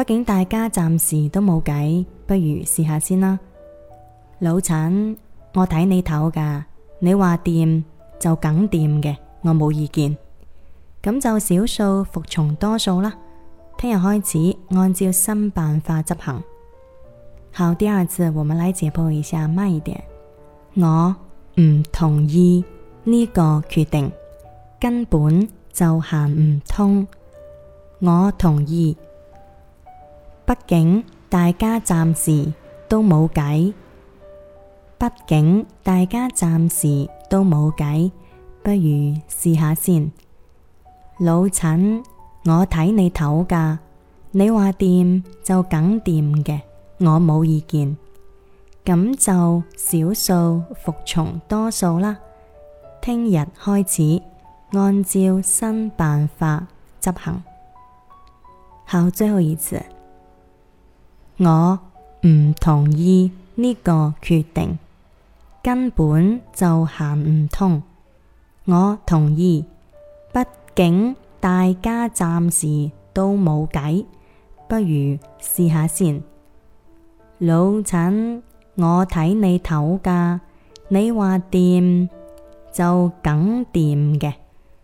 畢竟大家暫時都冇計，不如試下先啦。老陳，我睇你頭噶，你話掂就梗掂嘅，我冇意見。咁就少數服從多數啦。聽日開始，按照新辦法執行。好，第二次我們來解剖一下，慢一點。我唔同意呢個決定，根本就行唔通。我同意。畢竟大家暫時都冇計，畢竟大家暫時都冇計，不如試下先。老陳，我睇你頭噶，你話掂就梗掂嘅，我冇意見。咁就少數服從多數啦。聽日開始，按照新辦法執行。好，最後一次。我唔同意呢個決定，根本就行唔通。我同意，畢竟大家暫時都冇計，不如試下先。老陳，我睇你頭噶，你話掂就梗掂嘅，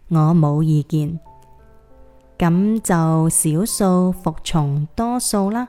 我冇意見。咁就少數服從多數啦。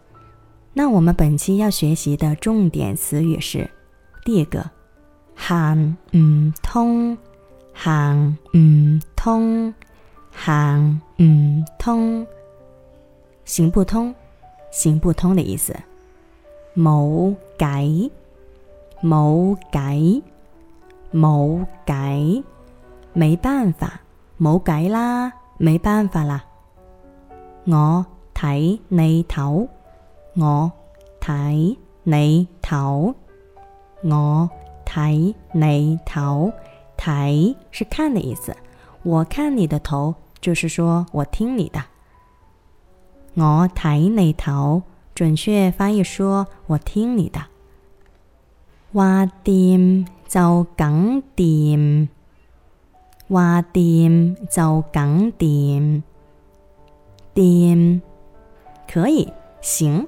那我們本期要學習的重點詞語是：第一個，行唔通，行唔通，行唔通，行不通，行不通的意思。冇計，冇計，冇計，沒辦法，冇計啦，沒辦法啦。我睇你頭。我睇你頭，我睇你頭，睇是看的意思。我看你的頭，就是說我聽你的。我睇你頭，準確翻譯說，我聽你的。話掂就梗掂，話掂就梗掂，掂可以行。